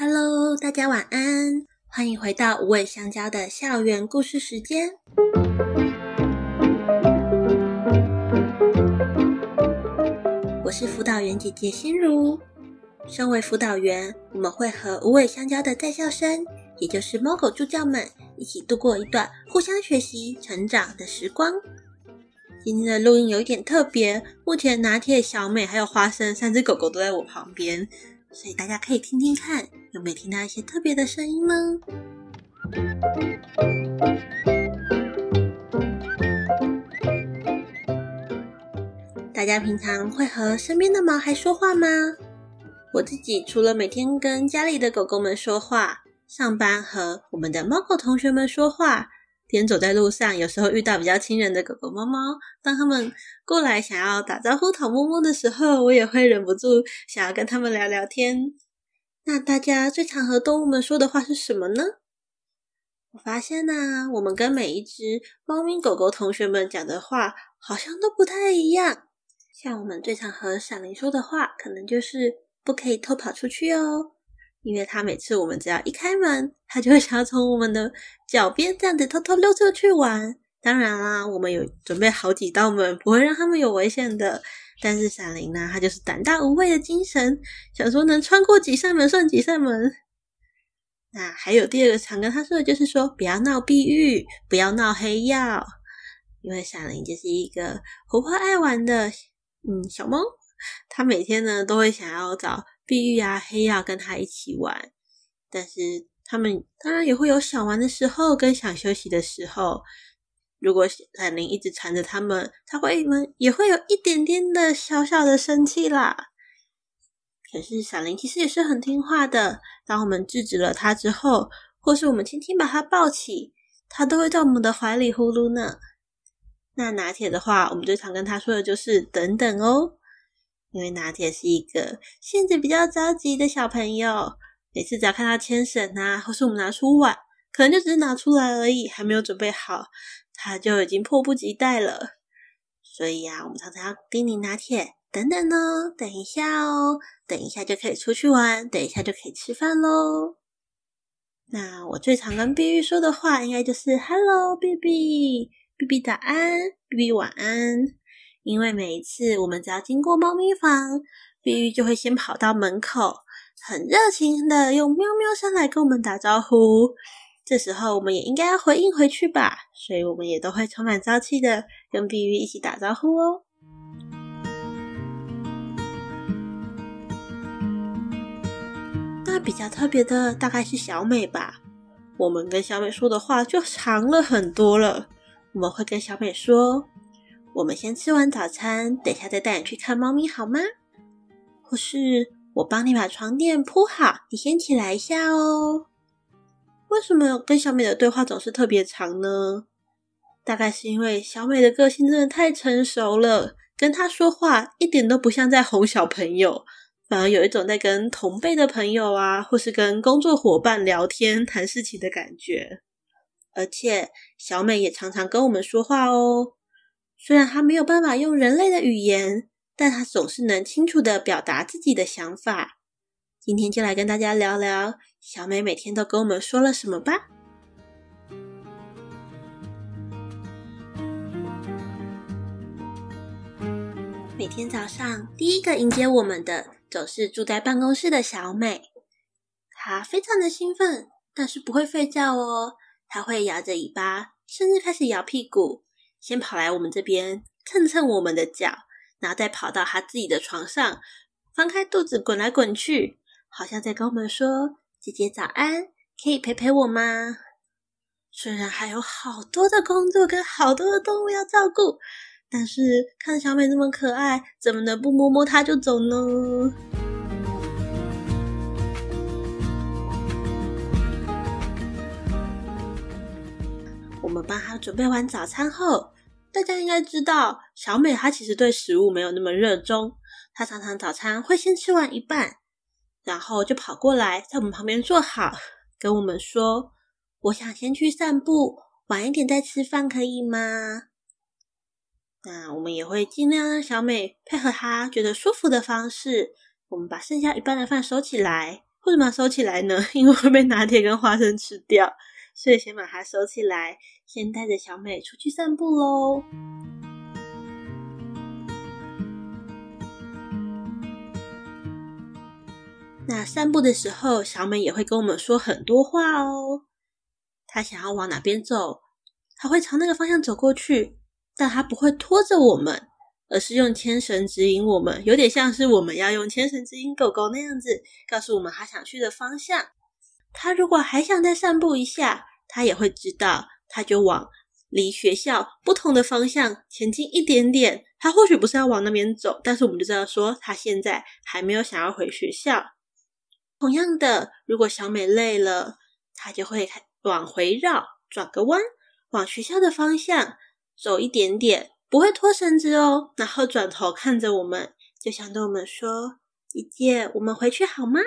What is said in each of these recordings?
Hello，大家晚安，歡迎回到無尾香蕉的校園故事時間。我是輔導員姐姐心如。身為輔導員，我們會和無尾香蕉的在校生，也就是貓狗助教們一起度過一段互相學習成長的時光。今天的錄音有一點特別，目前拿鐵、小美還有花生三隻狗狗都在我旁邊。所以大家可以聽聽看，有沒有聽到一些特別的聲音呢？大家平常會和身邊的毛孩說話嗎？我自己除了每天跟家裡的狗狗們說話，上班和我們的貓狗同學們說話。每天走在路上，有時候遇到比較親人的狗狗、貓貓，當他們過來想要打招呼、討摸摸的時候，我也會忍不住想要跟他們聊聊天。那大家最常和動物們說的話是什麼呢？我發現呢、啊，我們跟每一只貓咪、狗狗同學們講的話好像都不太一樣。像我們最常和閃靈說的話，可能就是“不可以偷跑出去哦”。因為他每次我們只要一開門，他就會想要從我們的腳邊這樣子偷偷溜出去玩。當然啦，我們有準備好幾道門，不會讓他們有危險的。但是閃靈呢，他就是膽大無畏的精神，想說能穿過幾扇門算幾扇門。那還有第二個常跟他說的就是說，不要鬧碧玉，不要鬧黑曜，因為閃靈就是一個活潑愛玩的嗯小貓，他每天呢都會想要找。碧玉啊，黑曜啊，跟他一起玩，但是他們當然也會有想玩的時候，跟想休息的時候。如果彩林一直纏着他們，他會也會有一點點的小小的生氣啦。可是小林其實也是很聽話的，當我們制止了他之後，或是我們輕輕把他抱起，他都會在我們的懷裡呼嚕呢。那拿鐵的話，我們最常跟他說的就是等等哦。因為拿鐵是一個性子比較着急的小朋友，每次只要看到牽繩啊，或是我們拿出碗，可能就只是拿出來而已，還沒有準備好，他就已經迫不及待了。所以啊，我們常常要叮嚀拿鐵，等等哦、喔，等一下哦、喔，等一下就可以出去玩，等一下就可以吃飯嘍。那我最常跟碧玉說的話，應該就是 “Hello，碧碧，碧碧早安，碧碧晚安。”因為每一次我們只要經過貓咪房，碧玉就會先跑到門口，很熱情的用喵喵聲來跟我們打招呼。這時候我們也應該要回應回去吧，所以我們也都會充滿朝氣的跟碧玉一起打招呼哦。那比較特別的大概是小美吧，我們跟小美說的話就長了很多了。我們會跟小美說。我們先吃完早餐，等下再帶你去看貓咪好嗎？或是我幫你把床墊鋪好，你先起來一下哦。為什麼跟小美的對話總是特別長呢？大概是因為小美的個性真的太成熟了，跟她說話一點都不像在哄小朋友，反而有一種在跟同輩的朋友啊，或是跟工作夥伴聊天談事情的感覺。而且小美也常常跟我們說話哦。雖然它沒有辦法用人類的語言，但它總是能清楚的表達自己的想法。今天就來跟大家聊聊小美每天都跟我們說了什麼吧。每天早上第一個迎接我們的，總是住在辦公室的小美。她非常的興奮，但是不會吠叫哦。她會搖着尾巴，甚至開始搖屁股。先跑來我們這邊蹭蹭我們的腳，然後再跑到他自己的床上，翻開肚子滾來滾去，好像在跟我們說：“姐姐早安，可以陪陪我嗎？”雖然還有好多的工作跟好多的動物要照顧，但是看小美這麼可愛，怎麼能不摸摸它就走呢？嗯、我們幫它準備完早餐後，大家應該知道，小美她其實對食物沒有那麼熱衷。她常常早餐會先吃完一半，然後就跑過來在我們旁邊坐好，跟我們說：“我想先去散步，晚一點再吃飯可以嗎？”那我們也會盡量讓小美配合她覺得舒服的方式。我們把剩下一半的飯收起來，為什麼要收起來呢？因為會被拿鐵跟花生吃掉。所以先把它收起來，先帶着小美出去散步嘍。那散步的時候，小美也會跟我們說很多話哦。她想要往哪邊走，她會朝那個方向走過去，但她不會拖着我們，而是用牽繩指引我們，有點像是我們要用牽繩指引狗狗那樣子，告訴我們她想去的方向。她如果還想再散步一下。他也會知道，他就往離學校不同的方向前進一點點。他或許不是要往那邊走，但是我們就知道說，他現在還沒有想要回學校。同樣的，如果小美累了，他就會往回繞，轉個彎，往學校的方向走一點點，不會拖繩子哦。然後轉頭看着我們，就想對我們說：“姐姐，我們回去好嗎？”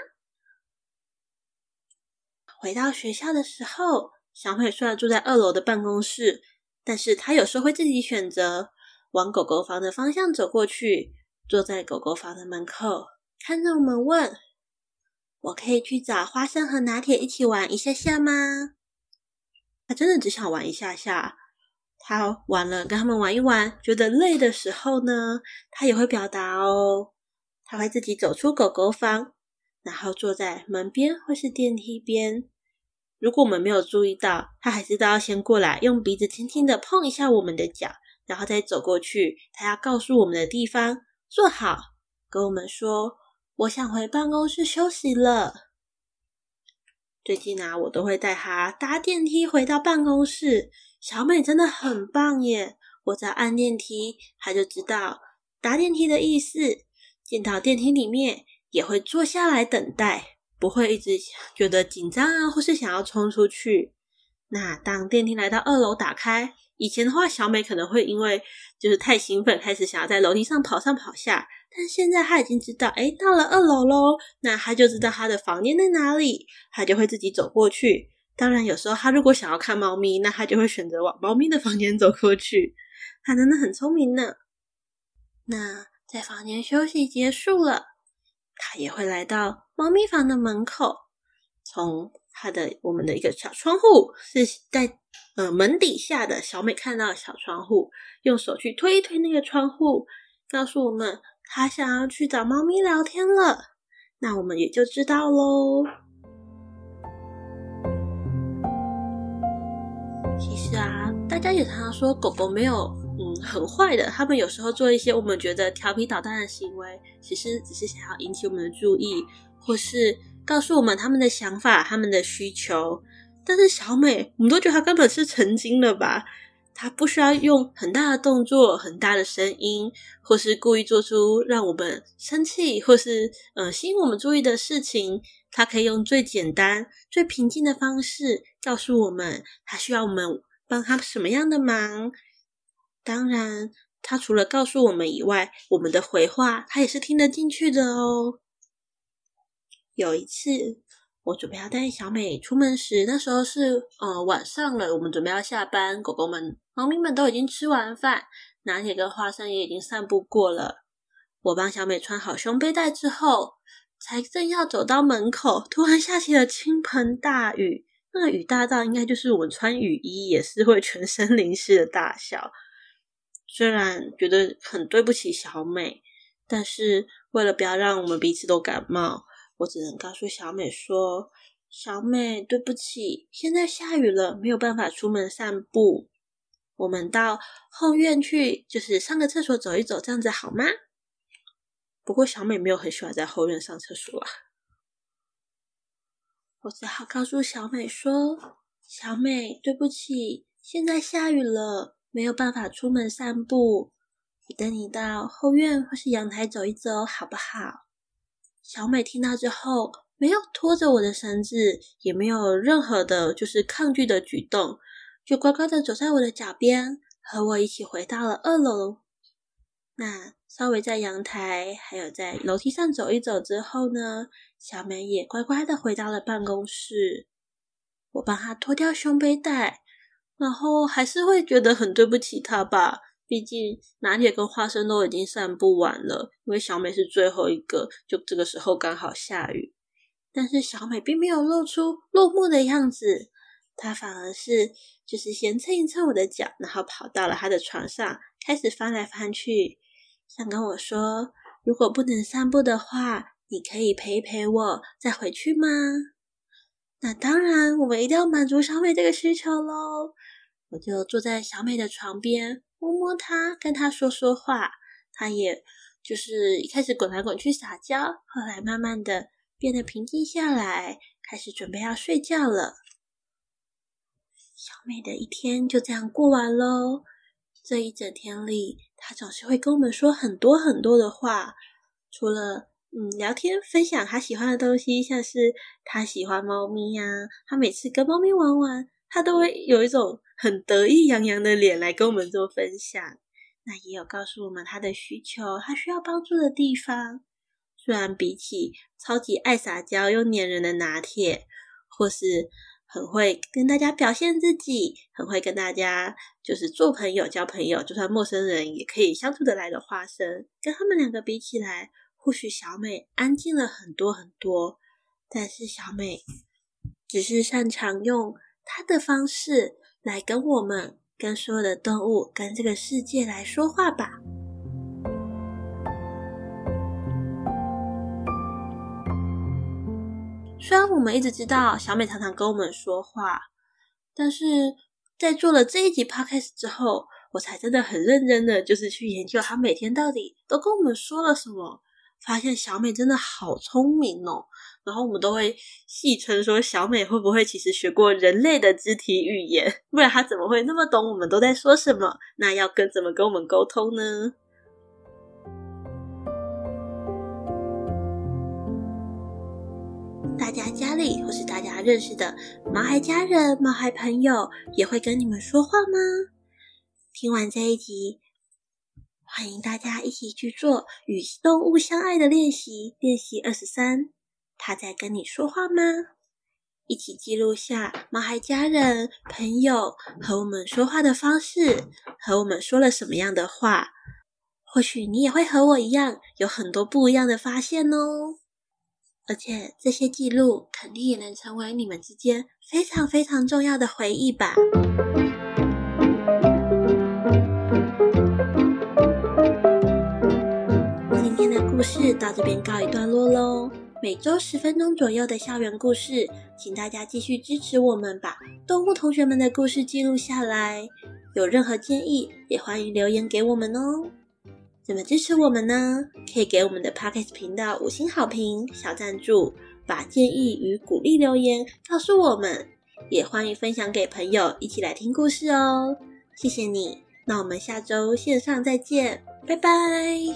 回到學校的時候。小美雖然住在二樓的辦公室，但是她有時候會自己選擇往狗狗房的方向走過去，坐在狗狗房的門口，看着我們問：“我可以去找花生和拿鐵一起玩一下下嗎？”他真的只想玩一下下。他玩了，跟他們玩一玩，覺得累的時候呢，他也會表達哦，他會自己走出狗狗房，然後坐在門邊或是電梯邊。如果我們沒有注意到，他還是都要先過來，用鼻子輕輕地碰一下我們的腳，然後再走過去。他要告訴我們的地方，坐好，跟我們說：“我想回辦公室休息了。”最近啊，我都會帶他搭電梯回到辦公室。小美真的很棒耶！我在按電梯，他就知道搭電梯的意思，進到電梯裡面也會坐下來等待。不會一直覺得緊張啊，或是想要衝出去。那當電梯來到二樓打開，以前的話，小美可能會因為就是太興奮，開始想要在樓梯上跑上跑下。但現在她已經知道，哎，到了二樓嘍。那她就知道她的房間在哪裡，她就會自己走過去。當然，有時候她如果想要看貓咪，那她就會選擇往貓咪的房間走過去。她真的很聰明呢。那在房間休息結束了。他也會來到貓咪房的門口，從他的我們的一個小窗戶，是在呃門底下的小美看到的小窗戶，用手去推一推那個窗戶，告訴我們他想要去找貓咪聊天了。那我們也就知道嘍。其實啊，大家也常常說狗狗沒有。很壞的，他們有時候做一些我們覺得調皮搗蛋的行為，其實只是想要引起我們的注意，或是告訴我們他們的想法、他們的需求。但是小美，我們都覺得她根本是成精了吧？她不需要用很大的動作、很大的聲音，或是故意做出讓我們生氣，或是，呃，吸引我們注意的事情。她可以用最簡單、最平靜的方式告訴我們，她需要我們幫她什麼樣的忙。當然，他除了告訴我們以外，我們的回話他也是聽得進去的哦。有一次，我準備要帶小美出門時，那時候是呃晚上了，我們準備要下班，狗狗們、貓咪們都已經吃完飯，拿鐵跟花生也已經散步過了。我幫小美穿好胸背帶之後，才正要走到門口，突然下起了傾盆大雨。那個雨大到應該就是我們穿雨衣也是會全身淋濕的大小。雖然覺得很對不起小美，但是為了不要讓我們彼此都感冒，我只能告訴小美說：“小美，對不起，現在下雨了，沒有辦法出門散步。我們到後院去，就是上個廁所，走一走，這樣子好嗎？”不過小美沒有很喜歡在後院上廁所啊。我只好告訴小美說：“小美，對不起，現在下雨了。”沒有辦法出門散步，帶你到後院或是陽台走一走，好不好？小美聽到之後，沒有拖着我的繩子，也沒有任何的，就是抗拒的舉動，就乖乖的走在我的腳邊，和我一起回到了二樓。那稍微在陽台還有在樓梯上走一走之後呢，小美也乖乖的回到了辦公室，我幫她脫掉胸背帶。然後還是會覺得很對不起她吧，畢竟拿鐵跟花生都已經散步完了，因為小美是最後一個，就這個時候剛好下雨。但是小美並沒有露出落寞的樣子，她反而是就是先蹭一蹭我的腳，然後跑到了她的床上，開始翻來翻去，想跟我說：“如果不能散步的話，你可以陪陪我再回去嗎？”那當然，我們一定要滿足小美這個需求嘍！我就坐在小美的床邊，摸摸她，跟她說說話。她也就是一開始滾來滾去撒嬌，後來慢慢的變得平靜下來，開始準備要睡覺了。小美的一天就這樣過完嘍。這一整天裡，她總是會跟我們說很多很多的話，除了……嗯，聊天，分享他喜歡的東西，像是他喜歡貓咪呀、啊，他每次跟貓咪玩玩，他都會有一種很得意洋洋的臉來跟我們做分享。那也有告訴我們他的需求，他需要幫助的地方。雖然比起超級愛撒嬌又黏人的拿鐵，或是很會跟大家表現自己，很會跟大家就是做朋友、交朋友，就算陌生人也可以相處得來的花生，跟他們兩個比起來，或許小美安靜了很多很多，但是小美只是擅長用她的方式來跟我們、跟所有的動物、跟這個世界來說話吧。雖然我們一直知道小美常常跟我們說話，但是在做了這一集 podcast 之後，我才真的很認真的就是去研究她每天到底都跟我們說了什麼。發現小美真的好聰明哦，然後我們都會戲稱說小美會不會其實學過人類的肢體語言？不然她怎麼會那麼懂我們都在說什麼？那要跟怎麼跟我們溝通呢？大家家裡或是大家認識的毛孩家人、毛孩朋友也會跟你們說話嗎？聽完這一集。歡迎大家一起去做與動物相愛的練習。練習二十三，他在跟你說話嗎？一起記錄下毛孩家人、朋友和我們說話的方式，和我們說了什麼樣的話。或許你也會和我一樣，有很多不一樣的發現哦。而且這些記錄肯定也能成為你們之間非常非常重要的回憶吧。故事到這邊告一段落嘍。每周十分鐘左右的校園故事，請大家繼續支持我們把動物同學們的故事記錄下來，有任何建議也歡迎留言給我們哦。怎麼支持我們呢？可以給我們的 Podcast 頻道五星好評、小贊助，把建議與鼓勵留言告訴我們，也歡迎分享給朋友一起來聽故事哦。謝謝你，那我們下周線上再見，拜拜。